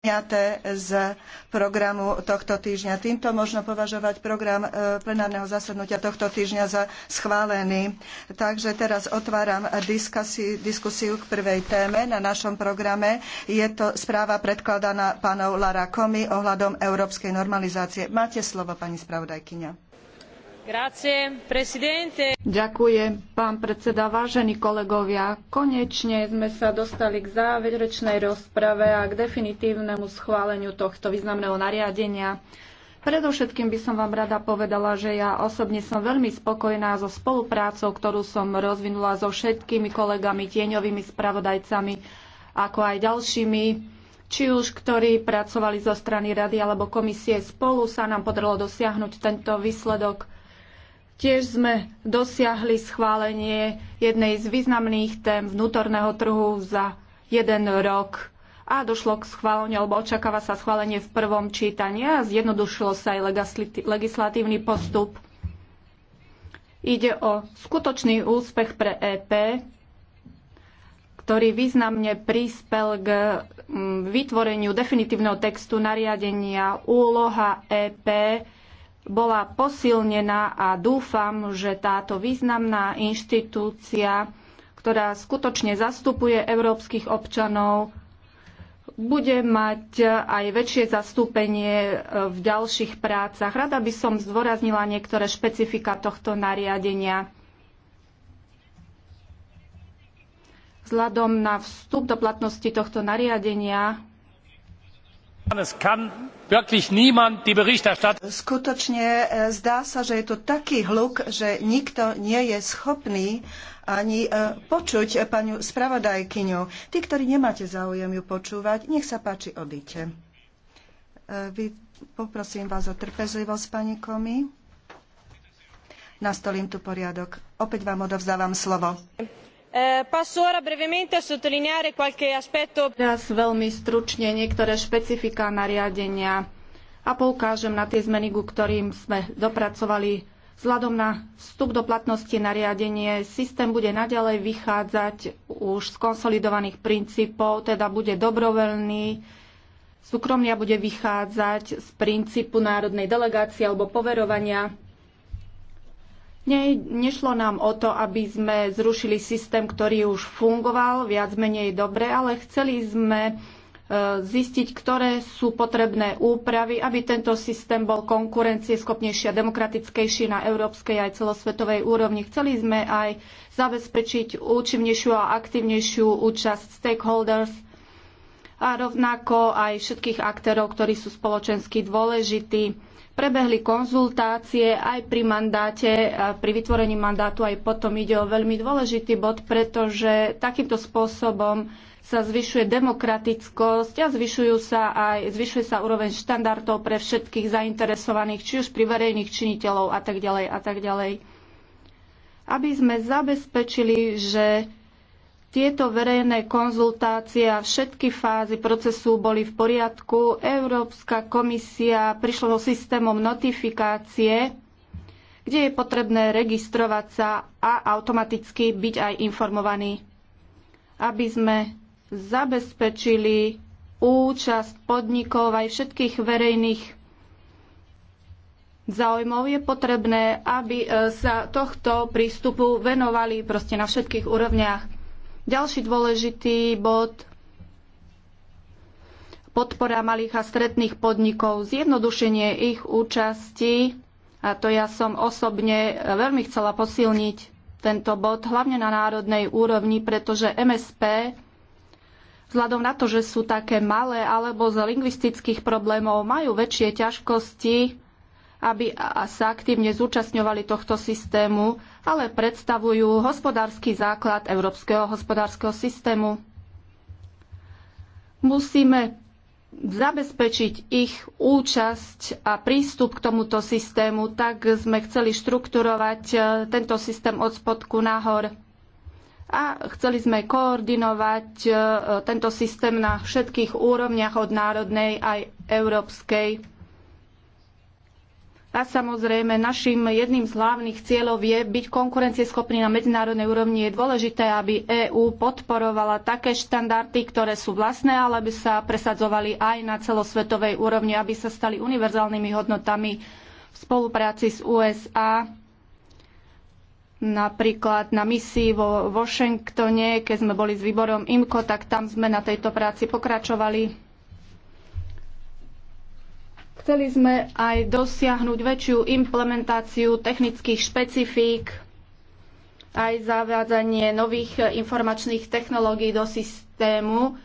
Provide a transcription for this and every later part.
vyňaté z programu tohto týždňa. Týmto možno považovať program e, plenárneho zasadnutia tohto týždňa za schválený. Takže teraz otváram diskusiu k prvej téme na našom programe. Je to správa predkladaná pánov Lara Komi ohľadom európskej normalizácie. Máte slovo, pani spravodajkyňa. Ďakujem, pán predseda, vážení kolegovia. Konečne sme sa dostali k záverečnej rozprave a k definitívnemu schváleniu tohto významného nariadenia. Predovšetkým by som vám rada povedala, že ja osobne som veľmi spokojná so spoluprácou, ktorú som rozvinula so všetkými kolegami, tieňovými spravodajcami, ako aj ďalšími či už ktorí pracovali zo strany rady alebo komisie, spolu sa nám podarilo dosiahnuť tento výsledok. Tiež sme dosiahli schválenie jednej z významných tém vnútorného trhu za jeden rok a došlo k schváleniu, alebo očakáva sa schválenie v prvom čítaní a zjednodušilo sa aj legislatívny postup. Ide o skutočný úspech pre EP, ktorý významne prispel k mm, vytvoreniu definitívneho textu nariadenia úloha EP bola posilnená a dúfam, že táto významná inštitúcia, ktorá skutočne zastupuje európskych občanov, bude mať aj väčšie zastúpenie v ďalších prácach. Rada by som zdôraznila niektoré špecifika tohto nariadenia. Vzhľadom na vstup do platnosti tohto nariadenia Skutočne e, zdá sa, že je tu taký hluk, že nikto nie je schopný ani e, počuť pani spravodajkyňu. Tí, ktorí nemáte záujem ju počúvať, nech sa páči, odíte. E, vy, poprosím vás o trpezlivosť, pani Komi. Nastolím tu poriadok. Opäť vám odovzdávam slovo. Eh, passo ora brevemente a sottolineare qualche aspetto. Teraz veľmi stručne niektoré špecifika nariadenia a poukážem na tie zmeny, ku ktorým sme dopracovali. Vzhľadom na vstup do platnosti nariadenie systém bude naďalej vychádzať už z konsolidovaných princípov, teda bude dobrovoľný, súkromia bude vychádzať z princípu národnej delegácie alebo poverovania Ne, nešlo nám o to, aby sme zrušili systém, ktorý už fungoval viac menej dobre, ale chceli sme e, zistiť, ktoré sú potrebné úpravy, aby tento systém bol konkurencieschopnejší a demokratickejší na európskej aj celosvetovej úrovni. Chceli sme aj zabezpečiť účinnejšiu a aktívnejšiu účasť stakeholders a rovnako aj všetkých aktérov, ktorí sú spoločensky dôležití Prebehli konzultácie aj pri mandáte, e, pri vytvorení mandátu, aj potom ide o veľmi dôležitý bod, pretože takýmto spôsobom sa zvyšuje demokratickosť a zvyšujú sa aj, zvyšuje sa úroveň štandardov pre všetkých zainteresovaných, či už pri verejných činiteľov a tak ďalej a tak ďalej. Aby sme zabezpečili, že tieto verejné konzultácie a všetky fázy procesu boli v poriadku. Európska komisia prišla so systémom notifikácie, kde je potrebné registrovať sa a automaticky byť aj informovaný, aby sme zabezpečili účasť podnikov aj všetkých verejných záujmov, je potrebné, aby e, sa tohto prístupu venovali proste na všetkých úrovniach ďalší dôležitý bod podpora malých a stredných podnikov, zjednodušenie ich účasti. A to ja som osobne veľmi chcela posilniť tento bod, hlavne na národnej úrovni, pretože MSP vzhľadom na to, že sú také malé alebo z lingvistických problémov majú väčšie ťažkosti aby sa aktívne zúčastňovali tohto systému, ale predstavujú hospodársky základ európskeho hospodárskeho systému. Musíme zabezpečiť ich účasť a prístup k tomuto systému, tak sme chceli štrukturovať e, tento systém od spodku nahor. A chceli sme koordinovať e, tento systém na všetkých úrovniach od národnej aj európskej. A samozrejme, našim jedným z hlavných cieľov je byť konkurencieschopný na medzinárodnej úrovni. Je dôležité, aby EÚ podporovala také štandardy, ktoré sú vlastné, ale aby sa presadzovali aj na celosvetovej úrovni, aby sa stali univerzálnymi hodnotami v spolupráci s USA napríklad na misii vo Washingtone, keď sme boli s výborom IMCO, tak tam sme na tejto práci pokračovali. Chceli sme aj dosiahnuť väčšiu implementáciu technických špecifík, aj zavádzanie nových informačných technológií do systému.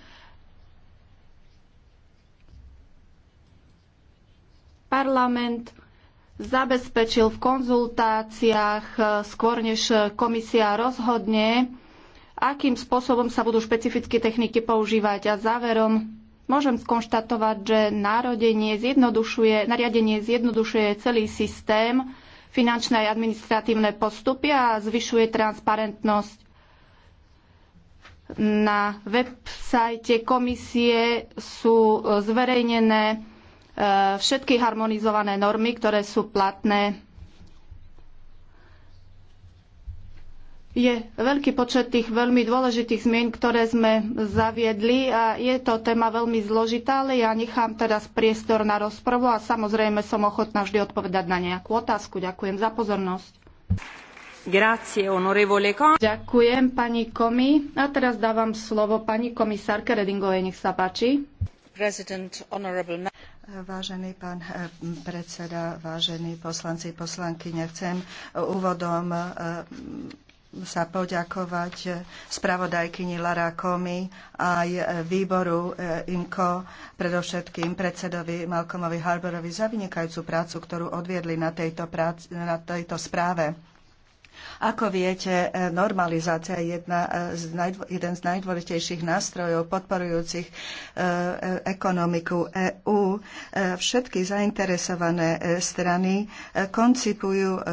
Parlament zabezpečil v konzultáciách e, skôr než komisia rozhodne, akým spôsobom sa budú špecifické techniky používať. A záverom Môžem skonštatovať, že národenie zjednodušuje, nariadenie zjednodušuje celý systém, finančné a administratívne postupy a zvyšuje transparentnosť. Na sajte komisie sú zverejnené e, všetky harmonizované normy, ktoré sú platné je veľký počet tých veľmi dôležitých zmien, ktoré sme zaviedli a je to téma veľmi zložitá, ale ja nechám teraz priestor na rozpravu a samozrejme som ochotná vždy odpovedať na nejakú otázku. Ďakujem za pozornosť. Grazie, onorevole Ďakujem, pani Komi. A teraz dávam slovo pani komisárke Redingovej, nech sa páči. Vážený pán eh, predseda, vážení poslanci, poslankyne, chcem úvodom eh, sa poďakovať spravodajkyni Lara Komi aj výboru e, INKO, predovšetkým predsedovi Malcolmovi Harborovi za vynikajúcu prácu, ktorú odviedli na tejto, práci, na tejto správe. Ako viete, e, normalizácia je jedna e, z najdvo- jeden z najdôležitejších nástrojov podporujúcich e, e ekonomiku EÚ. Všetky zainteresované strany koncipujú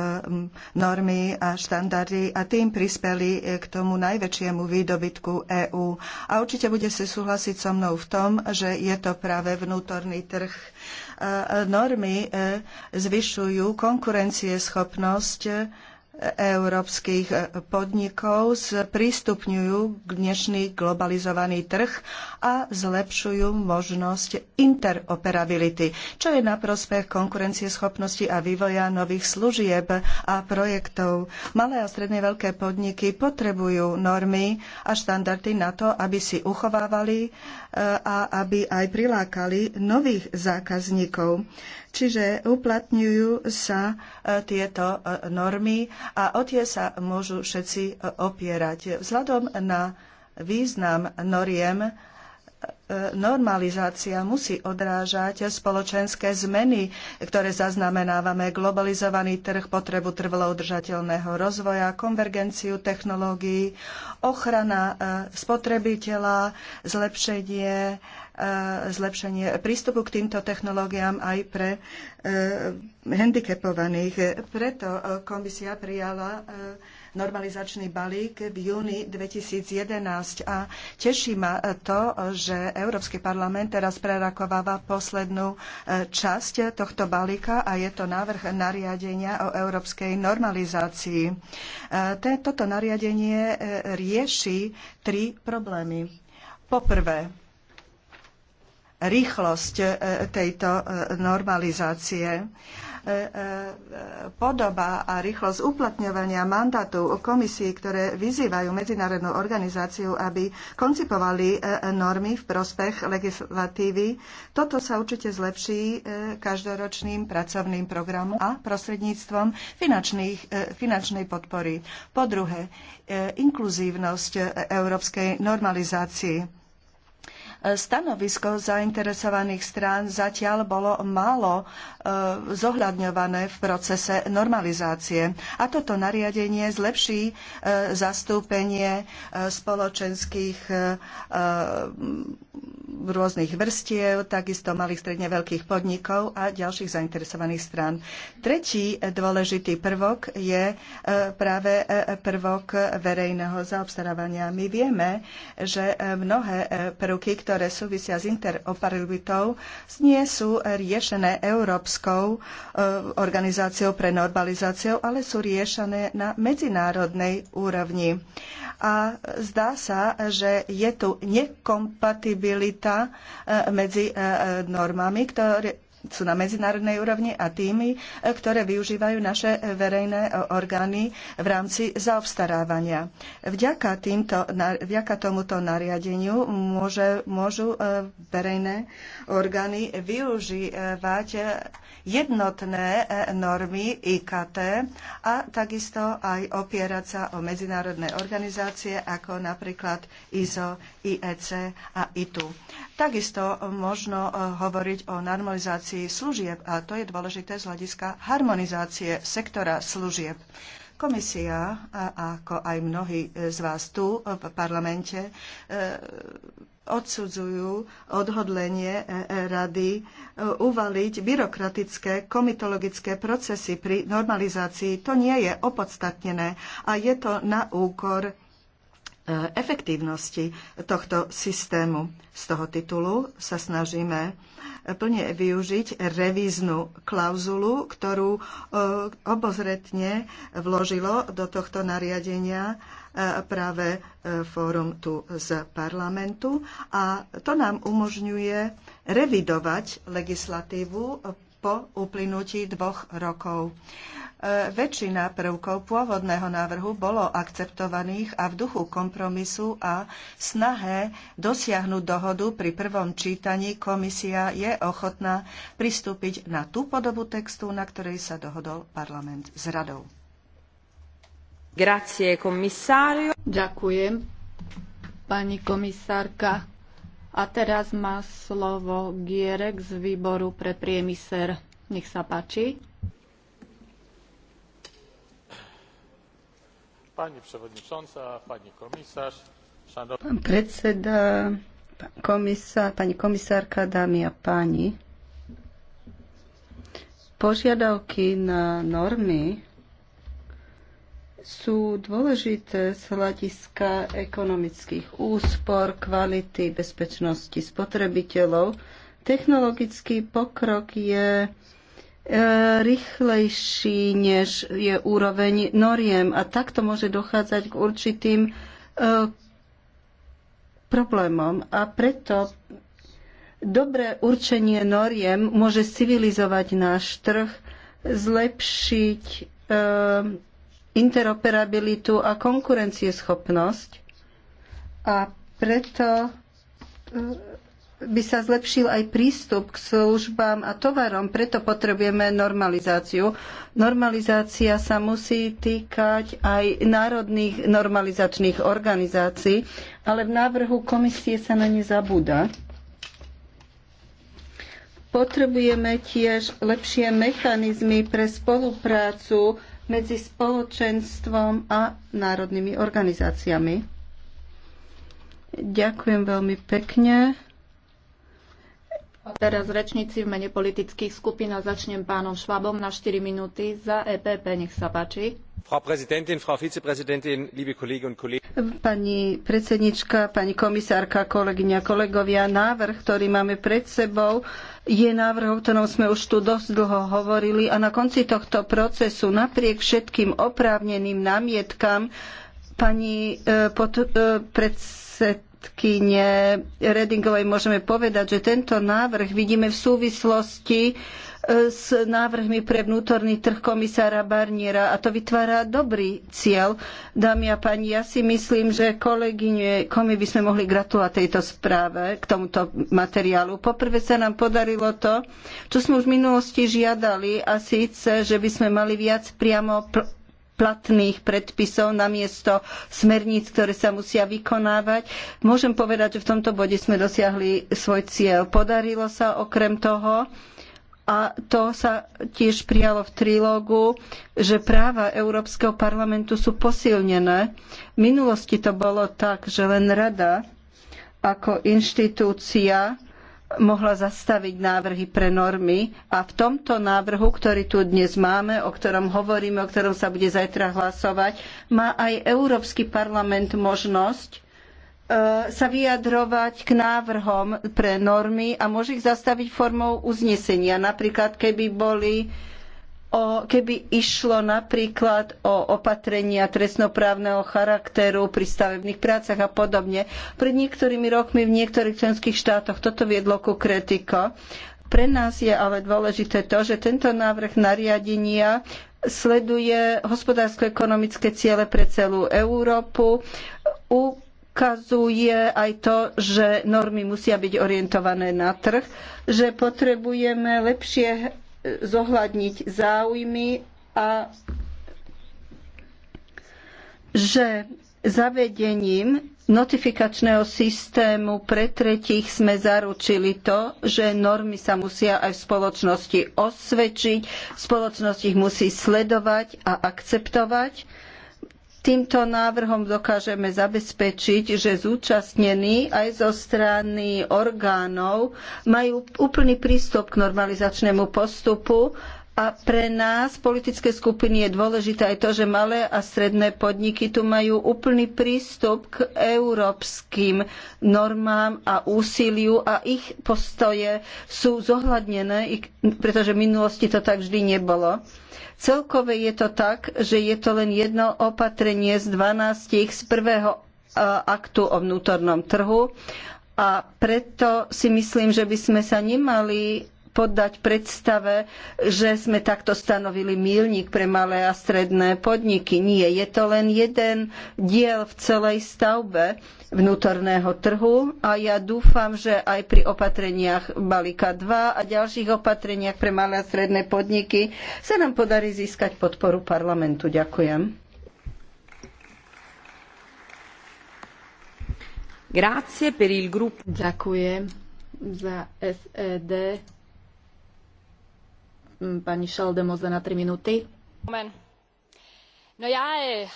normy a štandardy a tým prispeli k tomu najväčšiemu výdobytku EÚ. A určite bude si súhlasiť so mnou v tom, že je to práve vnútorný trh normy zvyšujú konkurencieschopnosť európskych e, podnikov sprístupňujú dnešný globalizovaný trh a zlepšujú možnosť interoperability, čo je na prospech konkurencieschopnosti a vývoja nových služieb a projektov. Malé a stredne veľké podniky potrebujú normy a štandardy na to, aby si uchovávali e, a aby aj prilákali nových zákazníkov. Čiže uplatňujú sa e, tieto e, normy a o tie sa môžu všetci e, opierať. Vzhľadom na význam noriem, normalizácia musí odrážať spoločenské zmeny, ktoré zaznamenávame, globalizovaný trh, potrebu trvalo udržateľného rozvoja, konvergenciu technológií, ochrana spotrebiteľa, zlepšenie E, zlepšenie prístupu k týmto technológiám aj pre e, handicapovaných. Preto e, komisia prijala normalizačný balík v júni 2011 a teší ma to, že Európsky parlament teraz prerakováva poslednú časť tohto balíka a je to návrh nariadenia o európskej normalizácii. Toto nariadenie rieši tri problémy. Poprvé, rýchlosť e, tejto e, normalizácie e, podoba a rýchlosť uplatňovania mandátov komisí, ktoré vyzývajú medzinárodnú organizáciu, aby koncipovali normy v prospech legislatívy. Toto sa určite zlepší každoročným pracovným programom a prostredníctvom finančnej podpory. Po druhé, inkluzívnosť európskej normalizácii Stanovisko zainteresovaných strán zatiaľ bolo málo e, zohľadňované v procese normalizácie. A toto nariadenie zlepší e, zastúpenie e, spoločenských rôznych vrstiev, takisto malých stredne veľkých podnikov a ďalších zainteresovaných strán. Tretí dôležitý prvok je e, práve e, prvok verejného zaobstarávania. My vieme, že e, mnohé prvky, ktoré súvisia s interoperabilitou, nie sú riešené Európskou organizáciou pre normalizáciu, ale sú riešené na medzinárodnej úrovni. A zdá sa, že je tu nekompatibilita kontinuita eh, medzi eh, eh, normami, ktoré sú na medzinárodnej úrovni a tými, e, ktoré využívajú naše verejné orgány v rámci zaobstarávania. Vďaka, týmto, vďaka tomuto nariadeniu môže, môžu e, verejné orgány využívať e, jednotné normy IKT a takisto aj opierať sa o medzinárodné organizácie ako napríklad ISO, IEC a ITU. Takisto e, možno e, hovoriť o normalizácii služieb a to je dôležité z hľadiska harmonizácie sektora služieb. Komisia, ako aj mnohí e, z vás tu v parlamente, odsudzujú odhodlenie rady uvaliť byrokratické komitologické procesy pri normalizácii. To nie je opodstatnené a je to na úkor E, efektívnosti tohto systému. Z toho titulu sa snažíme e, plne využiť revíznu klauzulu, ktorú e, obozretne vložilo do tohto nariadenia práve fórum tu z parlamentu a to nám umožňuje revidovať legislatívu po uplynutí dvoch rokov. E, väčšina prvkov pôvodného návrhu bolo akceptovaných a v duchu kompromisu a snahe dosiahnuť dohodu pri prvom čítaní komisia je ochotná pristúpiť na tú podobu textu, na ktorej sa dohodol parlament s radou. Grazie, Ďakujem, pani komisárka. A teraz má slovo Gierek z výboru pre priemysel. Nech sa páči. Pani przewodnicząca, pani komisarz, szanowni... Pán predseda, pán komisár, pani komisárka, dámy a pani. Požiadavky na normy sú dôležité z hľadiska ekonomických úspor, kvality, bezpečnosti spotrebiteľov. Technologický pokrok je E, rýchlejší, než je úroveň noriem. A takto môže dochádzať k určitým e, problémom. A preto dobré určenie noriem môže civilizovať náš trh, zlepšiť e, interoperabilitu a konkurencieschopnosť. A preto e, by sa zlepšil aj prístup k službám a tovarom, preto potrebujeme normalizáciu. Normalizácia sa musí týkať aj národných normalizačných organizácií, ale v návrhu komisie sa na ne zabúda. Potrebujeme tiež lepšie mechanizmy pre spoluprácu medzi spoločenstvom a národnými organizáciami. Ďakujem veľmi pekne. Teraz rečníci v mene politických skupín a začnem pánom Švabom na 4 minúty za EPP. Nech sa páči. Frau Präsidentin, Frau Vizepräsidentin, liebe und Kollegen. Pani predsednička, pani komisárka, kolegyňa, kolegovia, návrh, ktorý máme pred sebou, je návrh, o ktorom sme už tu dosť dlho hovorili a na konci tohto procesu napriek všetkým oprávneným námietkam pani eh, pod, eh, predsed, spravodajkyne Redingovej môžeme povedať, že tento návrh vidíme v súvislosti e, s návrhmi pre vnútorný trh komisára Barniera a to vytvára dobrý cieľ. Dámy a páni, ja si myslím, že kolegyne Komi by sme mohli gratulovať tejto správe, k tomuto materiálu. Poprvé sa nám podarilo to, čo sme už v minulosti žiadali a síce, že by sme mali viac priamo pl- platných predpisov namiesto smerníc, ktoré sa musia vykonávať. Môžem povedať, že v tomto bode sme dosiahli svoj cieľ. Podarilo sa okrem toho, a to sa tiež prijalo v trilógu, že práva Európskeho parlamentu sú posilnené. V minulosti to bolo tak, že len rada ako inštitúcia mohla zastaviť návrhy pre normy a v tomto návrhu, ktorý tu dnes máme, o ktorom hovoríme, o ktorom sa bude zajtra hlasovať, má aj Európsky parlament možnosť e, sa vyjadrovať k návrhom pre normy a môže ich zastaviť formou uznesenia. Napríklad, keby boli o, keby išlo napríklad o opatrenia trestnoprávneho charakteru pri stavebných prácach a podobne. Pred niektorými rokmi v niektorých členských štátoch toto viedlo ku kritiko. Pre nás je ale dôležité to, že tento návrh nariadenia sleduje hospodársko-ekonomické ciele pre celú Európu, ukazuje aj to, že normy musia byť orientované na trh, že potrebujeme lepšie zohľadniť záujmy a že zavedením notifikačného systému pre tretích sme zaručili to, že normy sa musia aj v spoločnosti osvedčiť, spoločnosť ich musí sledovať a akceptovať Týmto návrhom dokážeme zabezpečiť, že zúčastnení aj zo strany orgánov majú úplný prístup k normalizačnému postupu a pre nás, politické skupiny, je dôležité aj to, že malé a stredné podniky tu majú úplný prístup k európskym normám a úsiliu a ich postoje sú zohľadnené, pretože v minulosti to tak vždy nebolo. Celkové je to tak, že je to len jedno opatrenie z 12 z prvého aktu o vnútornom trhu a preto si myslím, že by sme sa nemali poddať predstave, že sme takto stanovili mílnik pre malé a stredné podniky. Nie, je to len jeden diel v celej stavbe vnútorného trhu a ja dúfam, že aj pri opatreniach balíka 2 a ďalších opatreniach pre malé a stredné podniky sa nám podarí získať podporu parlamentu. Ďakujem. Grazie per il gruppo. Ďakujem za SED Mm, pani na øh,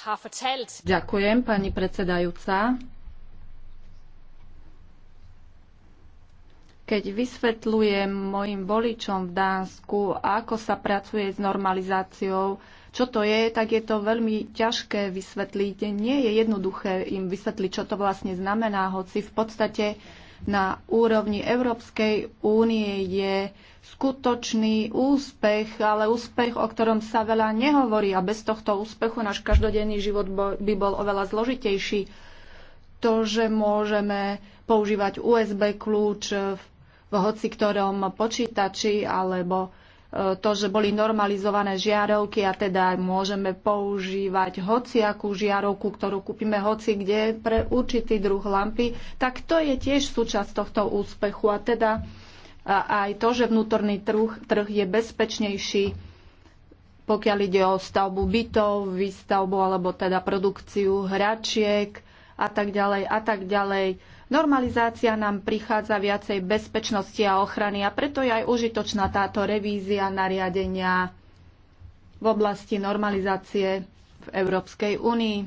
Ďakujem, pani predsedajúca. Keď vysvetľujem mojim voličom v Dánsku, ako sa pracuje s normalizáciou, čo to je, tak je to veľmi ťažké vysvetliť. Nie je jednoduché im vysvetliť, čo to vlastne znamená, hoci v podstate na úrovni Európskej únie je skutočný úspech, ale úspech, o ktorom sa veľa nehovorí a bez tohto úspechu náš každodenný život by bol oveľa zložitejší. To, že môžeme používať USB kľúč v hoci ktorom počítači alebo E, to, že boli normalizované žiarovky a teda môžeme používať hociakú žiarovku, ktorú kúpime hoci kde pre určitý druh lampy, tak to je tiež súčasť tohto úspechu a teda aj to, že vnútorný trh, trh je bezpečnejší, pokiaľ ide o stavbu bytov, výstavbu alebo teda produkciu hračiek a tak ďalej a tak ďalej Normalizácia nám prichádza viacej bezpečnosti a ochrany a preto je aj užitočná táto revízia nariadenia v oblasti normalizácie v Európskej únii.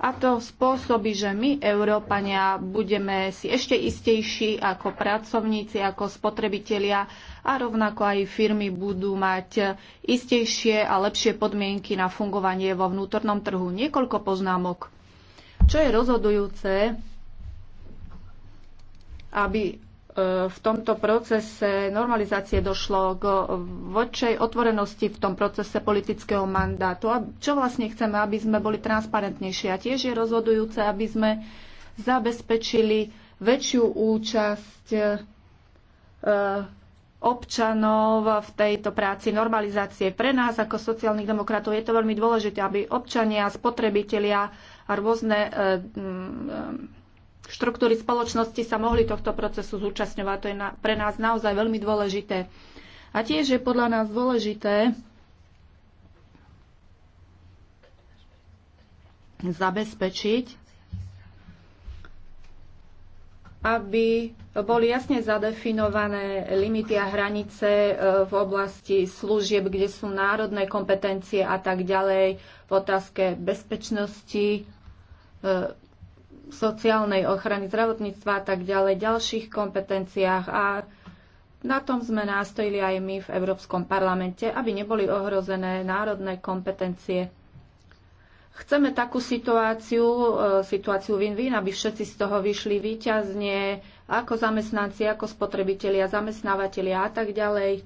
A to spôsobí, že my, Európania, budeme si ešte istejší ako pracovníci, ako spotrebitelia a rovnako aj firmy budú mať istejšie a lepšie podmienky na fungovanie vo vnútornom trhu. Niekoľko poznámok. Čo je rozhodujúce, aby e, v tomto procese normalizácie došlo k vodšej otvorenosti v tom procese politického mandátu. A čo vlastne chceme, aby sme boli transparentnejšie. A tiež je rozhodujúce, aby sme zabezpečili väčšiu účasť e, občanov v tejto práci normalizácie. Pre nás ako sociálnych demokratov je to veľmi dôležité, aby občania spotrebitelia a rôzne e, mm, e, štruktúry spoločnosti sa mohli tohto procesu zúčastňovať. To je na, pre nás naozaj veľmi dôležité. A tiež je podľa nás dôležité zabezpečiť, aby boli jasne zadefinované limity a hranice e, v oblasti služieb, kde sú národné kompetencie a tak ďalej, v otázke bezpečnosti E, sociálnej ochrany zdravotníctva a tak ďalej, ďalších kompetenciách a na tom sme nástojili aj my v Európskom parlamente, aby neboli ohrozené národné kompetencie. Chceme takú situáciu, e, situáciu win-win, aby všetci z toho vyšli výťazne, ako zamestnanci, ako spotrebitelia, zamestnávateľia a tak ďalej.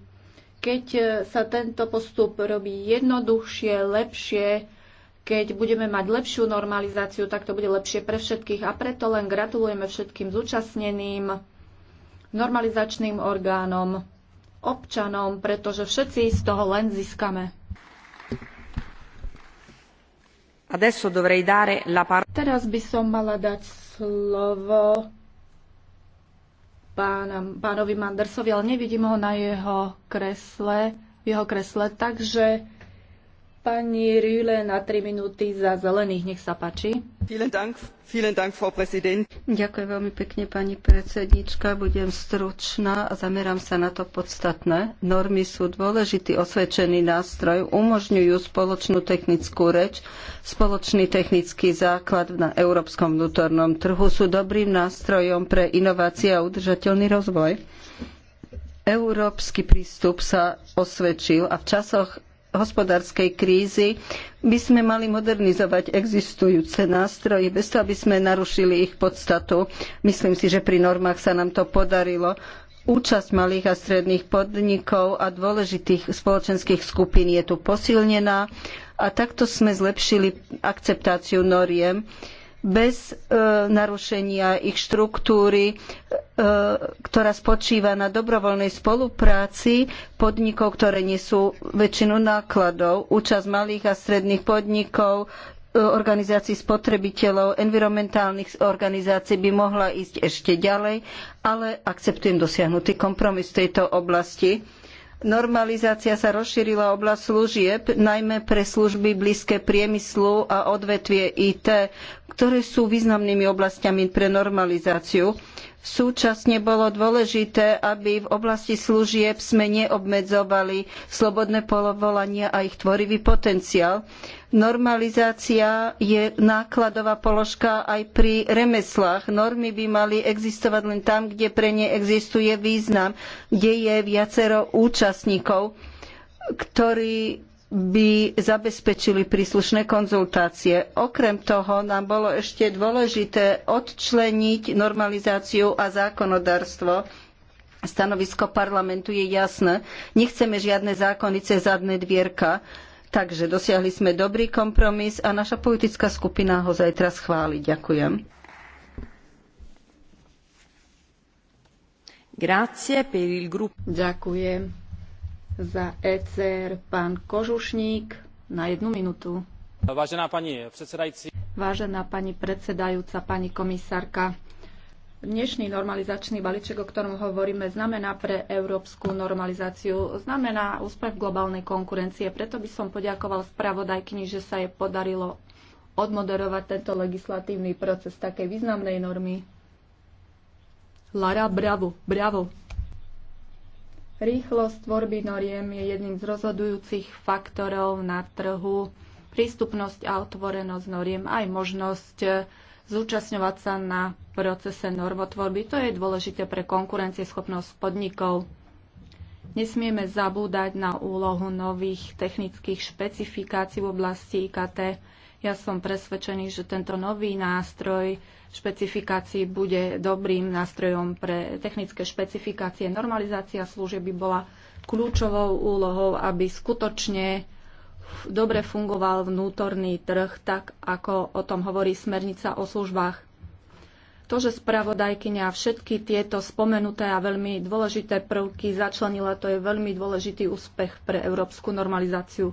Keď e, sa tento postup robí jednoduchšie, lepšie, keď budeme mať lepšiu normalizáciu, tak to bude lepšie pre všetkých. A preto len gratulujeme všetkým zúčastneným normalizačným orgánom, občanom, pretože všetci z toho len získame. Teraz by som mala dať slovo pánovi Mandersovi, ale nevidím ho na jeho kresle, v jeho kresle, takže Pani Rühle na 3 minúty za zelených, nech sa páči. Ďakujem veľmi pekne, pani predsednička. Budem stručná a zamerám sa na to podstatné. Normy sú dôležitý osvedčený nástroj, umožňujú spoločnú technickú reč, spoločný technický základ na európskom vnútornom trhu, sú dobrým nástrojom pre inovácie a udržateľný rozvoj. Európsky prístup sa osvedčil a v časoch hospodárskej krízy by sme mali modernizovať existujúce nástroje bez toho, aby sme narušili ich podstatu. Myslím si, že pri normách sa nám to podarilo. Účasť malých a stredných podnikov a dôležitých spoločenských skupín je tu posilnená a takto sme zlepšili akceptáciu noriem bez e, narušenia ich štruktúry, e, ktorá spočíva na dobrovoľnej spolupráci podnikov, ktoré nesú väčšinu nákladov, účasť malých a stredných podnikov, e, organizácií spotrebiteľov, environmentálnych organizácií by mohla ísť ešte ďalej, ale akceptujem dosiahnutý kompromis v tejto oblasti. Normalizácia sa rozšírila oblasť služieb, najmä pre služby blízke priemyslu a odvetvie IT, ktoré sú významnými oblastiami pre normalizáciu. Súčasne bolo dôležité, aby v oblasti služieb sme neobmedzovali slobodné povolania a ich tvorivý potenciál. Normalizácia je nákladová položka aj pri remeslách. Normy by mali existovať len tam, kde pre ne existuje význam, kde je viacero účastníkov, ktorí by zabezpečili príslušné konzultácie. Okrem toho nám bolo ešte dôležité odčleniť normalizáciu a zákonodarstvo. Stanovisko parlamentu je jasné. Nechceme žiadne zákony cez zadné dvierka. Takže dosiahli sme dobrý kompromis a naša politická skupina ho zajtra schváli. Ďakujem. Grazie per il gruppo. Ďakujem za ECR pán Kožušník na jednu minútu. Vážená pani predsedajúci. Vážená pani predsedajúca, pani komisárka. Dnešný normalizačný balíček, o ktorom hovoríme, znamená pre európsku normalizáciu, znamená úspech globálnej konkurencie. Preto by som poďakoval spravodajkyni, že sa jej podarilo odmoderovať tento legislatívny proces takej významnej normy. Lara, bravo, bravo. Rýchlosť tvorby noriem je jedným z rozhodujúcich faktorov na trhu. Prístupnosť a otvorenosť noriem aj možnosť eh, zúčastňovať sa na procese normotvorby. To je dôležité pre konkurencieschopnosť podnikov. Nesmieme zabúdať na úlohu nových technických špecifikácií v oblasti IKT. Ja som presvedčený, že tento nový nástroj špecifikácií bude dobrým nástrojom pre technické špecifikácie. Normalizácia služieb by bola kľúčovou úlohou, aby skutočne dobre fungoval vnútorný trh, tak ako o tom hovorí smernica o službách. To, že spravodajkyňa všetky tieto spomenuté a veľmi dôležité prvky začlenila, to je veľmi dôležitý úspech pre európsku normalizáciu.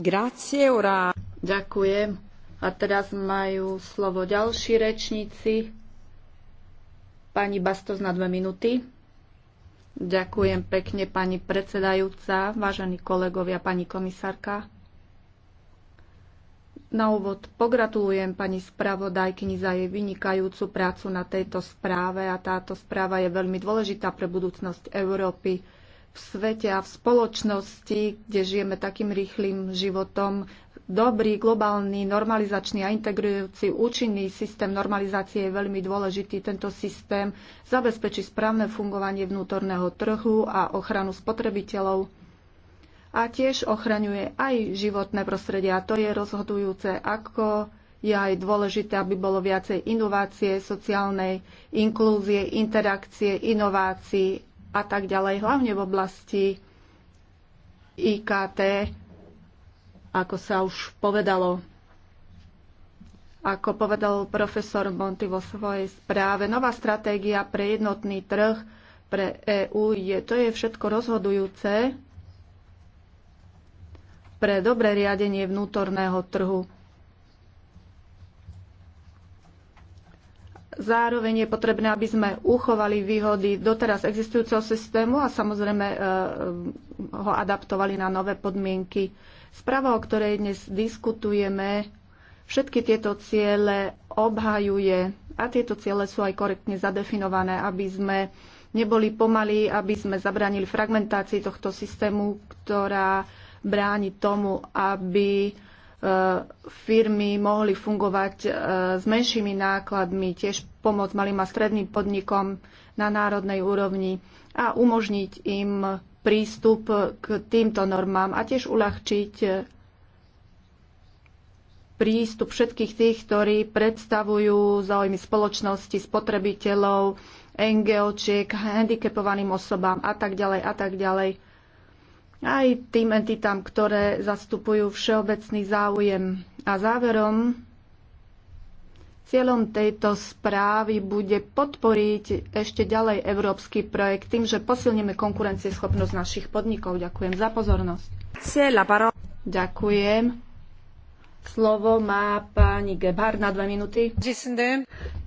Ďakujem. A teraz majú slovo ďalší rečníci. Pani Bastos na dve minúty. Ďakujem pekne, pani predsedajúca, vážení kolegovia, pani komisárka. Na úvod pogratulujem pani spravodajkyni za jej vynikajúcu prácu na tejto správe a táto správa je veľmi dôležitá pre budúcnosť Európy v svete a v spoločnosti, kde žijeme takým rýchlým životom, dobrý globálny normalizačný a integrujúci účinný systém normalizácie je veľmi dôležitý. Tento systém zabezpečí správne fungovanie vnútorného trhu a ochranu spotrebiteľov a tiež ochraňuje aj životné prostredie. A to je rozhodujúce, ako je aj dôležité, aby bolo viacej inovácie, sociálnej inklúzie, interakcie, inovácií a tak ďalej, hlavne v oblasti IKT, ako sa už povedalo. Ako povedal profesor Monty vo svojej správe, nová stratégia pre jednotný trh pre EÚ je, to je všetko rozhodujúce pre dobré riadenie vnútorného trhu. Zároveň je potrebné, aby sme uchovali výhody doteraz existujúceho systému a samozrejme e, e, ho adaptovali na nové podmienky. Správa, o ktorej dnes diskutujeme, všetky tieto ciele obhajuje a tieto ciele sú aj korektne zadefinované, aby sme neboli pomalí, aby sme zabránili fragmentácii tohto systému, ktorá bráni tomu, aby firmy mohli fungovať e, s menšími nákladmi, tiež pomoc malým a stredným podnikom na národnej úrovni a umožniť im prístup k týmto normám a tiež uľahčiť e, prístup všetkých tých, ktorí predstavujú záujmy spoločnosti, spotrebiteľov, NGOčiek, handicapovaným osobám a tak ďalej a tak ďalej aj tým entitám, ktoré zastupujú všeobecný záujem. A záverom, cieľom tejto správy bude podporiť ešte ďalej európsky projekt tým, že posilníme konkurencieschopnosť našich podnikov. Ďakujem za pozornosť. Ďakujem. Slovo má pani Gebhard na dve minúty.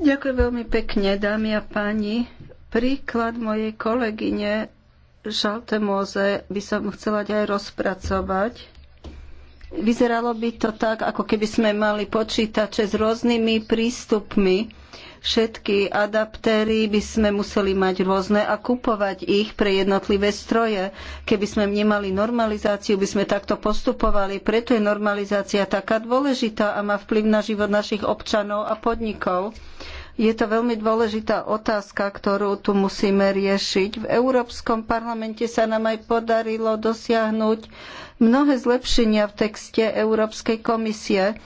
Ďakujem veľmi pekne, dámy a páni. Príklad mojej kolegyne Moze, by som chcela aj rozpracovať. Vyzeralo by to tak, ako keby sme mali počítače s rôznymi prístupmi. Všetky adaptéry by sme museli mať rôzne a kupovať ich pre jednotlivé stroje. Keby sme nemali normalizáciu, by sme takto postupovali. Preto je normalizácia taká dôležitá a má vplyv na život našich občanov a podnikov. Je to veľmi dôležitá otázka, ktorú tu musíme riešiť. V Európskom parlamente sa nám aj podarilo dosiahnuť mnohé zlepšenia v texte Európskej komisie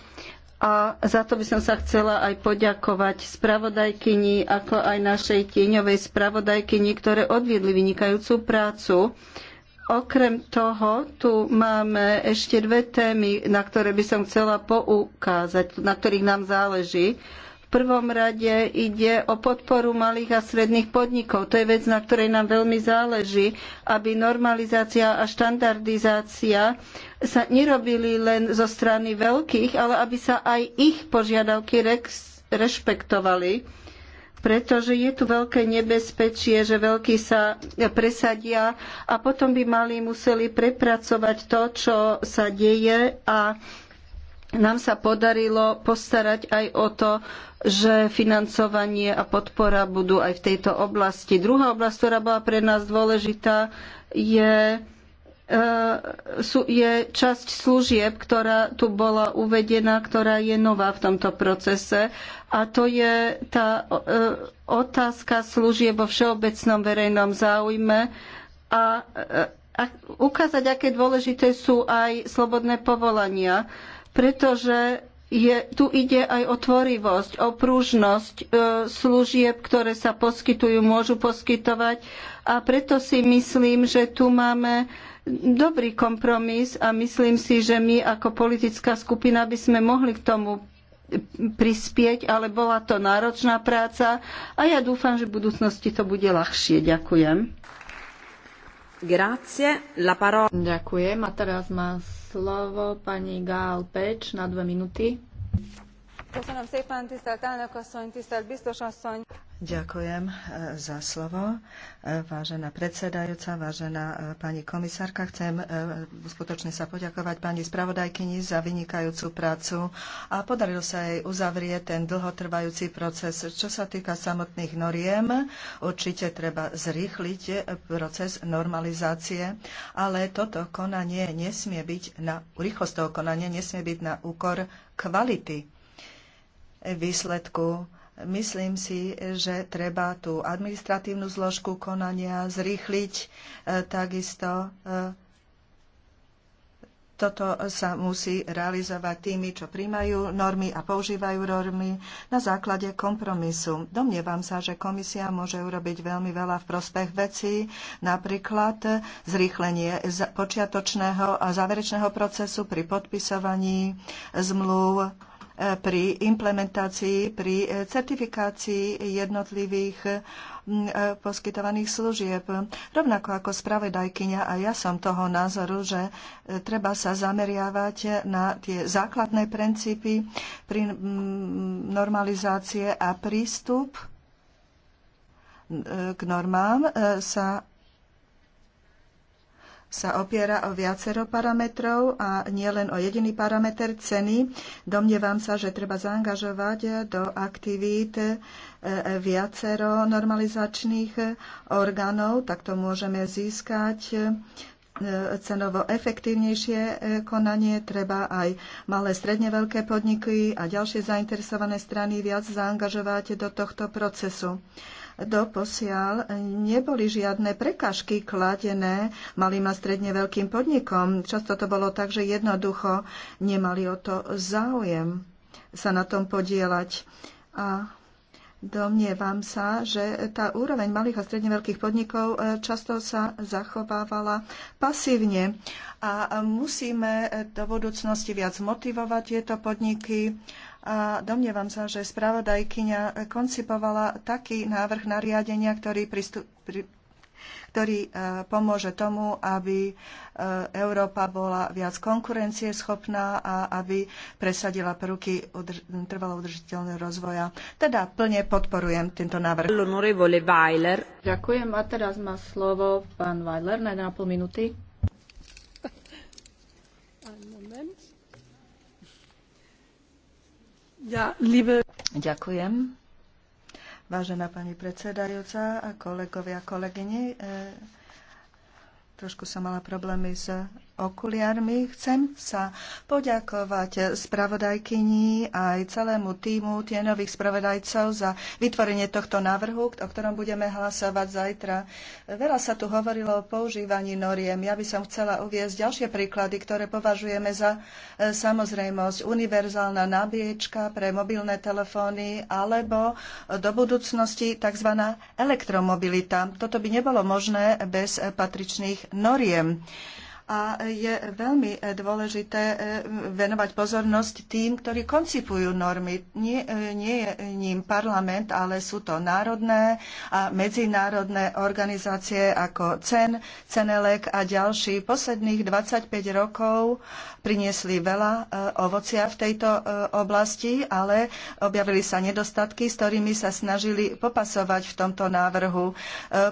a za to by som sa chcela aj poďakovať spravodajkyni, ako aj našej tieňovej spravodajkyni, ktoré odviedli vynikajúcu prácu. Okrem toho, tu máme ešte dve témy, na ktoré by som chcela poukázať, na ktorých nám záleží prvom rade ide o podporu malých a stredných podnikov. To je vec, na ktorej nám veľmi záleží, aby normalizácia a štandardizácia sa nerobili len zo strany veľkých, ale aby sa aj ich požiadavky rešpektovali pretože je tu veľké nebezpečie, že veľkí sa presadia a potom by mali museli prepracovať to, čo sa deje a nám sa podarilo postarať aj o to, že financovanie a podpora budú aj v tejto oblasti. Druhá oblasť, ktorá bola pre nás dôležitá, je, e, je časť služieb, ktorá tu bola uvedená, ktorá je nová v tomto procese. A to je tá e, otázka služieb vo všeobecnom verejnom záujme a, e, a ukázať, aké dôležité sú aj slobodné povolania pretože je, tu ide aj o tvorivosť, o pružnosť e, služieb, ktoré sa poskytujú, môžu poskytovať. A preto si myslím, že tu máme dobrý kompromis a myslím si, že my ako politická skupina by sme mohli k tomu prispieť, ale bola to náročná práca a ja dúfam, že v budúcnosti to bude ľahšie. Ďakujem. Grazie, la parola. Ďakujem a teraz má slovo pani Gál Peč na dve minúty. Ďakujem eh, za slovo. Eh, vážená predsedajúca, vážená eh, pani komisárka, chcem skutočne sa poďakovať pani spravodajkyni za vynikajúcu prácu a podarilo sa jej uzavrieť ten dlhotrvajúci proces. Čo sa týka samotných noriem, určite treba zrýchliť proces normalizácie, ale toto konanie nesmie byť na, rýchlosť toho konania nesmie byť na úkor kvality výsledku. Myslím si, že treba tú administratívnu zložku konania zrýchliť. E, takisto e, toto sa musí realizovať tými, čo príjmajú normy a používajú normy na základe kompromisu. Domnievam sa, že komisia môže urobiť veľmi veľa v prospech vecí, napríklad zrýchlenie počiatočného a záverečného procesu pri podpisovaní zmluv pri implementácii, pri e, certifikácii jednotlivých e, poskytovaných služieb. Rovnako ako spravedajkyňa a ja som toho názoru, že e, treba sa zameriavať na tie základné princípy pri normalizácie a prístup k normám sa sa opiera o viacero parametrov a nie len o jediný parameter ceny. Domnievam sa, že treba zaangažovať do aktivít e, viacero normalizačných orgánov, takto môžeme získať e, cenovo efektívnejšie e, konanie, treba aj malé, stredne veľké podniky a ďalšie zainteresované strany viac zaangažovať do tohto procesu. Doposiaľ neboli žiadne prekažky kladené malým a stredne veľkým podnikom. Často to bolo tak, že jednoducho nemali o to záujem sa na tom podielať. A Domnievam sa, že tá úroveň malých a stredne veľkých podnikov e, často sa zachovávala pasívne a musíme do budúcnosti viac motivovať tieto podniky a domnievam sa, že spravodajkyňa koncipovala taký návrh nariadenia, ktorý, pristup, pri, ktorý e, pomôže tomu, aby e, Európa bola viac konkurencieschopná a aby presadila prvky trvalo udržiteľného rozvoja. Teda plne podporujem tento návrh. Ďakujem a teraz má slovo pán Weiler na 1,5 minúty. Ďakujem. Vážená pani predsedajúca a kolegovia a kolegyne, eh, trošku som mala problémy s okuliarmi. Chcem sa poďakovať spravodajkyni aj celému týmu tienových spravodajcov za vytvorenie tohto návrhu, o ktorom budeme hlasovať zajtra. Veľa sa tu hovorilo o používaní noriem. Ja by som chcela uviezť ďalšie príklady, ktoré považujeme za e, samozrejmosť. Univerzálna nabiečka pre mobilné telefóny alebo do budúcnosti tzv. elektromobilita. Toto by nebolo možné bez patričných noriem a je veľmi e, dôležité e, venovať pozornosť tým, ktorí koncipujú normy. Nie, e, nie je ním parlament, ale sú to národné a medzinárodné organizácie ako CEN, CENELEC a ďalší. Posledných 25 rokov priniesli veľa ovocia v tejto oblasti, ale objavili sa nedostatky, s ktorými sa snažili popasovať v tomto návrhu.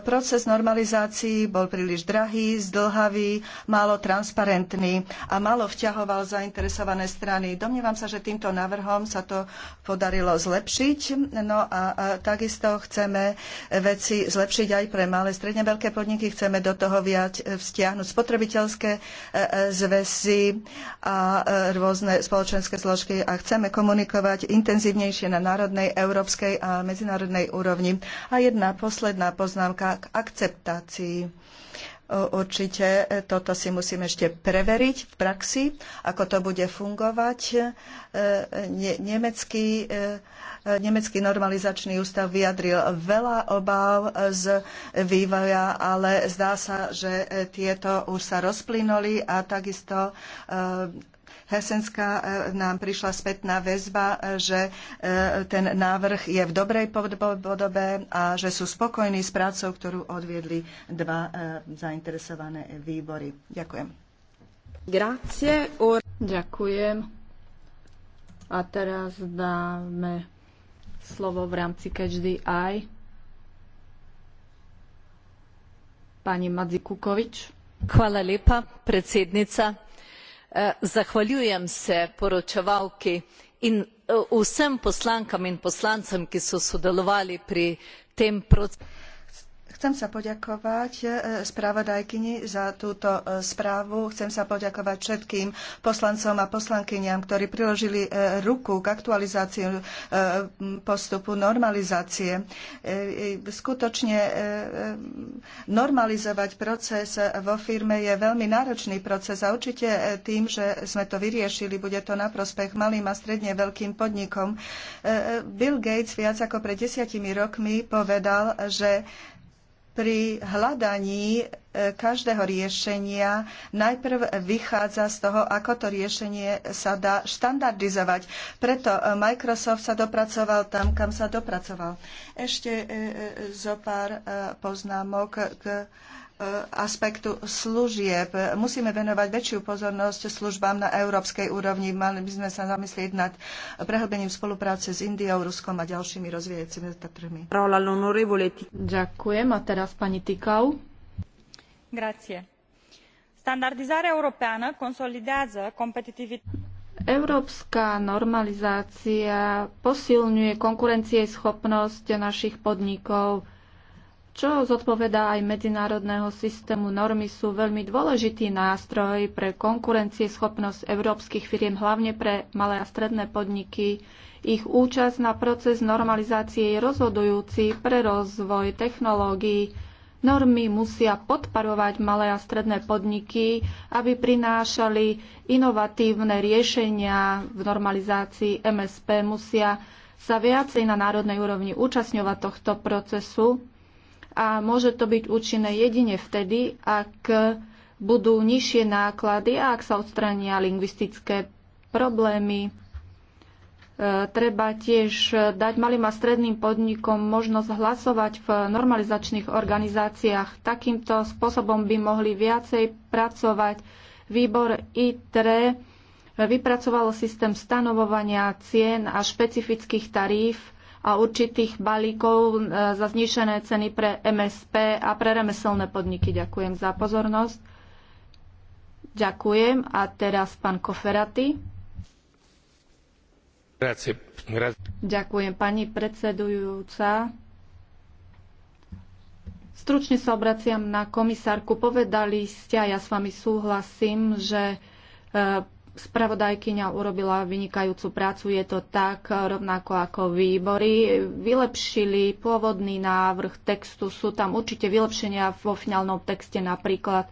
Proces normalizácií bol príliš drahý, zdlhavý, málo málo transparentný a málo vťahoval zainteresované strany. Domnievam sa, že týmto návrhom sa to podarilo zlepšiť. No a takisto chceme veci zlepšiť aj pre malé stredne veľké podniky. Chceme do toho viac e, vstiahnuť spotrebiteľské e, e, zväzy a rôzne spoločenské zložky a chceme komunikovať intenzívnejšie na národnej, európskej a medzinárodnej úrovni. A jedna posledná poznámka k akceptácii Určite toto si musíme ešte preveriť v praxi, ako to bude fungovať. E, nemecký, e, Nemecký normalizačný ústav vyjadril veľa obáv z vývoja, ale zdá sa, že tieto už sa rozplynuli a takisto e, Hesenska e, nám prišla spätná väzba, e, že e, ten návrh je v dobrej podobe a že sú spokojní s prácou, ktorú odviedli dva zainteresované výbory. Ďakujem. Grazie. Ďakujem. A teraz dáme slovo v rámci Catch the Eye pani Madzi Kukovič. Hvala lepa, predsednica Eh, zahvaljujem se poročevalki in eh, vsem poslankam in poslancem ki so sodelovali pri tem procesu. Chcem sa poďakovať e, spravodajkyni za túto e, správu. Chcem sa poďakovať všetkým poslancom a poslankyňam, ktorí priložili e, ruku k aktualizácii postupu normalizácie. Skutočne normalizovať proces vo firme je veľmi náročný proces a určite tým, že sme to vyriešili, bude to na prospech malým a stredne veľkým podnikom. Bill Gates viac ako pred desiatimi rokmi povedal, že pri hľadaní e, každého riešenia najprv vychádza z toho, ako to riešenie sa dá štandardizovať. Preto e, Microsoft sa dopracoval tam, kam sa dopracoval. Ešte e, zo pár poznámok k aspektu služieb. Musíme venovať väčšiu pozornosť službám na európskej úrovni. Mali by sme sa zamyslieť nad prehlbením spolupráce s Indiou, Ruskom a ďalšími rozvíjajúcimi trhmi. Ďakujem. A teraz pani Tikau. Grazie. Standardizarea europeană consolidează competitivitatea Európska normalizácia posilňuje konkurencieschopnosť našich podnikov čo zodpovedá aj medzinárodného systému. Normy sú veľmi dôležitý nástroj pre konkurencieschopnosť európskych firiem, hlavne pre malé a stredné podniky. Ich účasť na proces normalizácie je rozhodujúci pre rozvoj technológií. Normy musia podparovať malé a stredné podniky, aby prinášali inovatívne riešenia v normalizácii MSP. Musia sa viacej na národnej úrovni účastňovať tohto procesu a môže to byť účinné jedine vtedy, ak budú nižšie náklady a ak sa odstrania lingvistické problémy. E, treba tiež dať malým a stredným podnikom možnosť hlasovať v normalizačných organizáciách. Takýmto spôsobom by mohli viacej pracovať. Výbor ITRE vypracoval systém stanovovania cien a špecifických taríf a určitých balíkov e, za znišené ceny pre MSP a pre remeselné podniky. Ďakujem za pozornosť. Ďakujem. A teraz pán Koferaty. Grazie. Grazie. Ďakujem pani predsedujúca. Stručne sa obraciam na komisárku. Povedali ste, a ja s vami súhlasím, že e, Spravodajkyňa urobila vynikajúcu prácu, je to tak, rovnako ako výbory. Vylepšili pôvodný návrh textu, sú tam určite vylepšenia vo finálnom texte, napríklad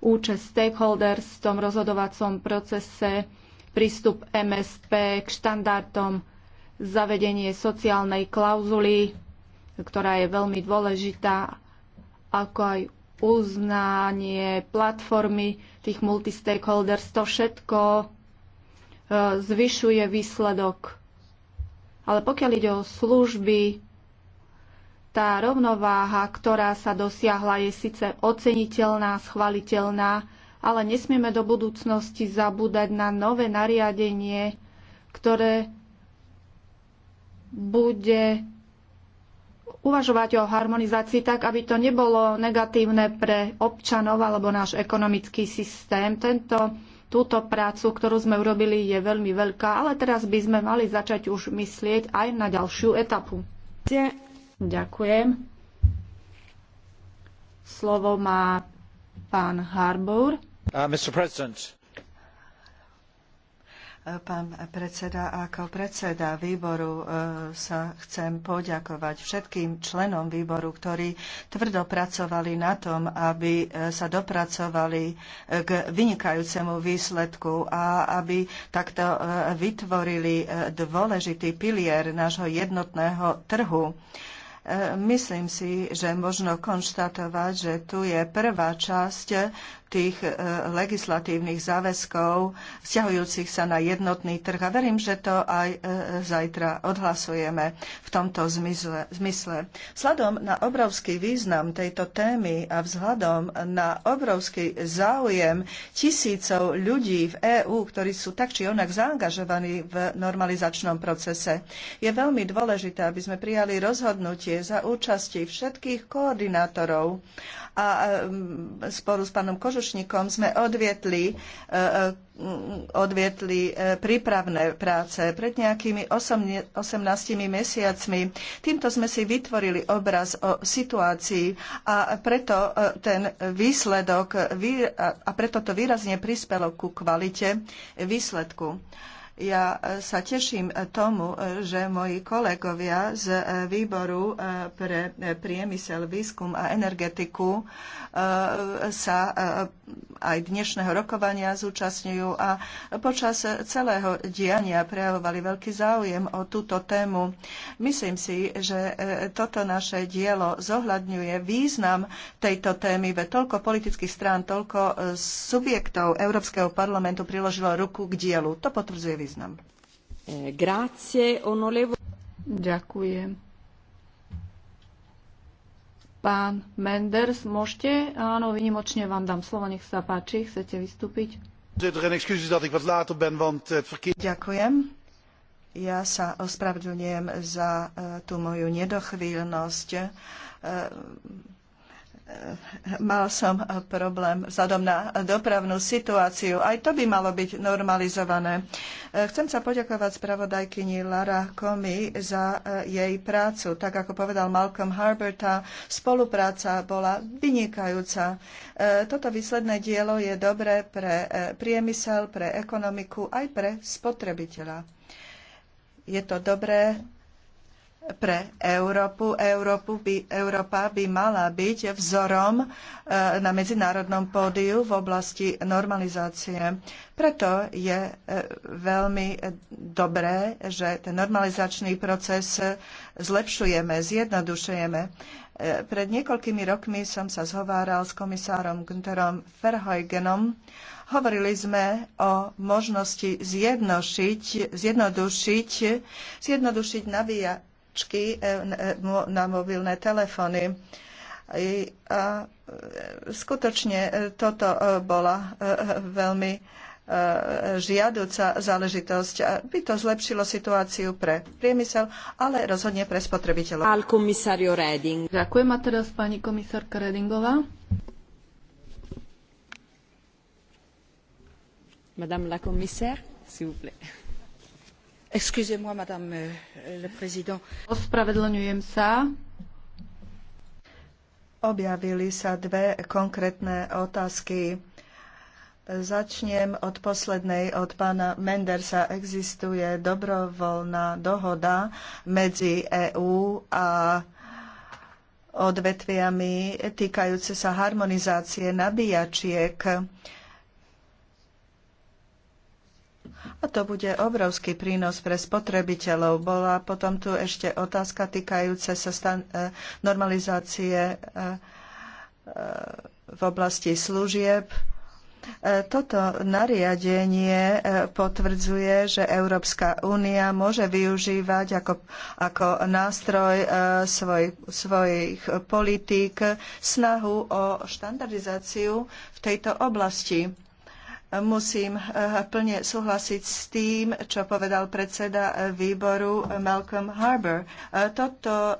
účasť stakeholders v tom rozhodovacom procese, prístup MSP k štandardom, zavedenie sociálnej klauzuly, ktorá je veľmi dôležitá, ako aj uznanie platformy tých multistakeholders, to všetko e, zvyšuje výsledok. Ale pokiaľ ide o služby, tá rovnováha, ktorá sa dosiahla, je síce oceniteľná, schvaliteľná, ale nesmieme do budúcnosti zabúdať na nové nariadenie, ktoré bude uvažovať o harmonizácii tak, aby to nebolo negatívne pre občanov alebo náš ekonomický systém. Tento, túto prácu, ktorú sme urobili, je veľmi veľká, ale teraz by sme mali začať už myslieť aj na ďalšiu etapu. Ďakujem. Slovo má pán Harbour. Uh, pán predseda. Ako predseda výboru e, sa chcem poďakovať všetkým členom výboru, ktorí tvrdo pracovali na tom, aby e, sa dopracovali e, k vynikajúcemu výsledku a aby takto vytvorili dôležitý pilier nášho jednotného trhu. Myslím si, že možno konštatovať, že tu je prvá časť tých e, legislatívnych záväzkov vzťahujúcich sa na jednotný trh a verím, že to aj e, zajtra odhlasujeme v tomto zmysle. Vzhľadom na obrovský význam tejto témy a vzhľadom na obrovský záujem tisícov ľudí v EÚ, ktorí sú tak či onak zaangažovaní v normalizačnom procese, je veľmi dôležité, aby sme prijali rozhodnutie, komisie za účasti všetkých koordinátorov a e, spolu s pánom Kožušníkom sme odvietli e, e, odvietli prípravné práce pred nejakými 18 mesiacmi. Týmto sme si vytvorili obraz o situácii a preto ten výsledok a preto to výrazne prispelo ku kvalite výsledku. Ja e, sa teším e, tomu, e, že moji kolegovia z výboru pre priemysel, výskum a energetiku sa aj dnešného rokovania zúčastňujú a počas celého diania prejavovali veľký záujem o túto tému. Myslím si, že toto naše dielo zohľadňuje význam tejto témy, ve toľko politických strán, toľko subjektov Európskeho parlamentu priložilo ruku k dielu. To potvrdzuje význam. Grazie, onolevo. Ďakujem. Pán Menders, môžete? Áno, vynimočne vám dám slovo, nech sa páči. Chcete vystúpiť? Er Ďakujem. Ja sa ospravdujem za eh, tú moju nedochvíľnosť eh, mal som problém vzhľadom na dopravnú situáciu. Aj to by malo byť normalizované. Chcem sa poďakovať spravodajkyni Lara Komi za e, jej prácu. Tak ako povedal Malcolm Harberta, spolupráca bola vynikajúca. E, toto výsledné dielo je dobré pre e, priemysel, pre ekonomiku, aj pre spotrebiteľa. Je to dobré pre Európu. Európu by, Európa by mala byť vzorom e, na medzinárodnom pódiu v oblasti normalizácie. Preto je e, veľmi dobré, že ten normalizačný proces zlepšujeme, zjednodušujeme. E, pred niekoľkými rokmi som sa zhováral s komisárom Günterom Verheugenom. Hovorili sme o možnosti zjednodušiť, zjednodušiť, zjednodušiť navíja, kartičky e, e, na mobilné telefóny. A e, skutočne toto bola veľmi žiaduca záležitosť. By to zlepšilo situáciu pre priemysel, ale rozhodne pre spotrebiteľov. Al komisario Reding. Ďakujem a teraz pani komisárka Redingová. Madame la commissaire, s'il vous plaît. Euh, Ospravedlňujem sa. Objavili sa dve konkrétne otázky. Začnem od poslednej, od pána Mendersa. Existuje dobrovoľná dohoda medzi EÚ a odvetviami týkajúce sa harmonizácie nabíjačiek. A to bude obrovský prínos pre spotrebiteľov. Bola potom tu ešte otázka týkajúce sa e, normalizácie e, e, v oblasti služieb. Toto nariadenie potvrdzuje, že Európska únia môže využívať ako, ako nástroj svoj, svojich politík snahu o štandardizáciu v tejto oblasti musím eh, plne súhlasiť s tým, čo povedal predseda eh, výboru eh, Malcolm Harbour. Toto,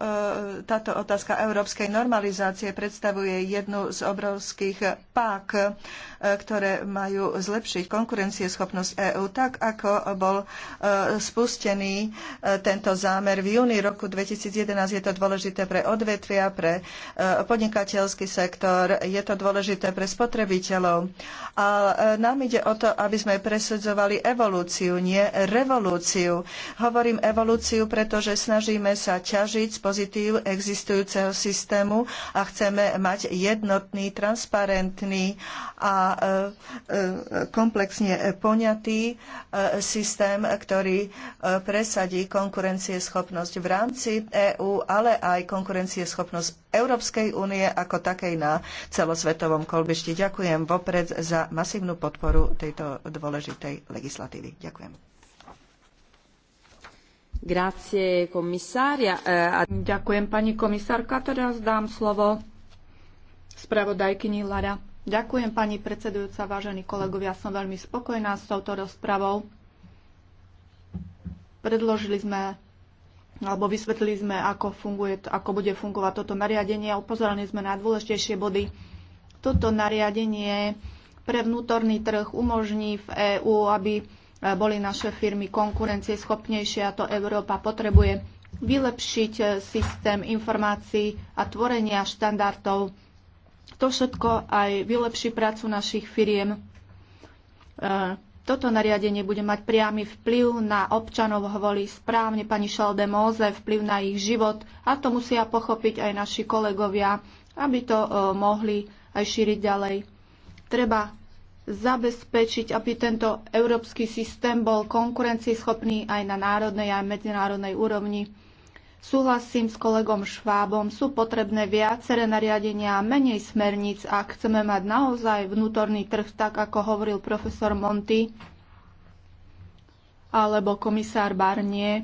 táto otázka európskej normalizácie predstavuje jednu z obrovských pák, ktoré majú zlepšiť konkurencieschopnosť EÚ, tak ako bol spustený tento zámer v júni roku 2011. Je to dôležité pre odvetvia, pre podnikateľský sektor, je to dôležité pre spotrebiteľov. A na nám ide o to, aby sme presedzovali evolúciu, nie revolúciu. Hovorím evolúciu, pretože snažíme sa ťažiť z pozitív existujúceho systému a chceme mať jednotný, transparentný a e, e, komplexne poňatý e, systém, ktorý presadí konkurencieschopnosť v rámci EÚ, ale aj konkurencieschopnosť Európskej únie ako takej na celosvetovom kolbišti. Ďakujem vopred za masívnu podporu podporu tejto dôležitej legislatívy. Ďakujem. Grazie, komisária. Eh, Ďakujem, pani komisárka. Teraz dám slovo spravodajkyni Lara. Ďakujem, pani predsedujúca, vážení kolegovia. Som veľmi spokojná s touto rozpravou. Predložili sme alebo vysvetlili sme, ako, funguje, ako bude fungovať toto nariadenie a upozorili sme na dôležitejšie body. Toto nariadenie pre vnútorný trh umožní v EÚ, aby e, boli naše firmy konkurencieschopnejšie a to Európa potrebuje vylepšiť e, systém informácií a tvorenia štandardov. To všetko aj vylepší prácu našich firiem. E, toto nariadenie bude mať priamy vplyv na občanov, hovorí správne pani Šaldemóze, vplyv na ich život a to musia pochopiť aj naši kolegovia, aby to mohli aj šíriť ďalej. Treba zabezpečiť, aby tento európsky systém bol konkurencieschopný aj na národnej, aj medzinárodnej úrovni. Súhlasím s kolegom Švábom, sú potrebné viaceré nariadenia a menej smerníc, ak chceme mať naozaj vnútorný trh, tak ako hovoril profesor Monty alebo komisár Barnier,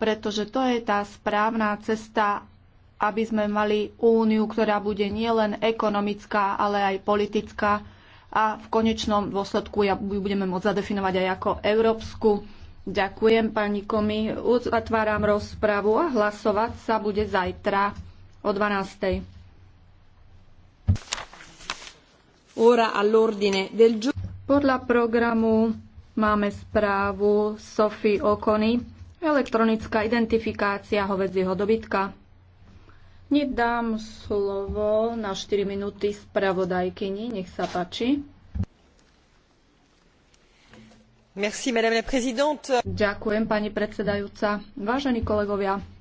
pretože to je tá správna cesta, aby sme mali úniu, ktorá bude nielen ekonomická, ale aj politická a v konečnom dôsledku ja ju budeme môcť zadefinovať aj ako európsku. Ďakujem pani Komi. Otváram rozpravu a hlasovať sa bude zajtra o 12. Ora all'ordine del Podľa programu máme správu Sofie Okony, elektronická identifikácia hovedzieho dobytka. Hneď dám slovo na 4 minúty spravodajkyni. Nech sa páči. Merci, madame la présidente. Ďakujem, pani predsedajúca. Vážení kolegovia,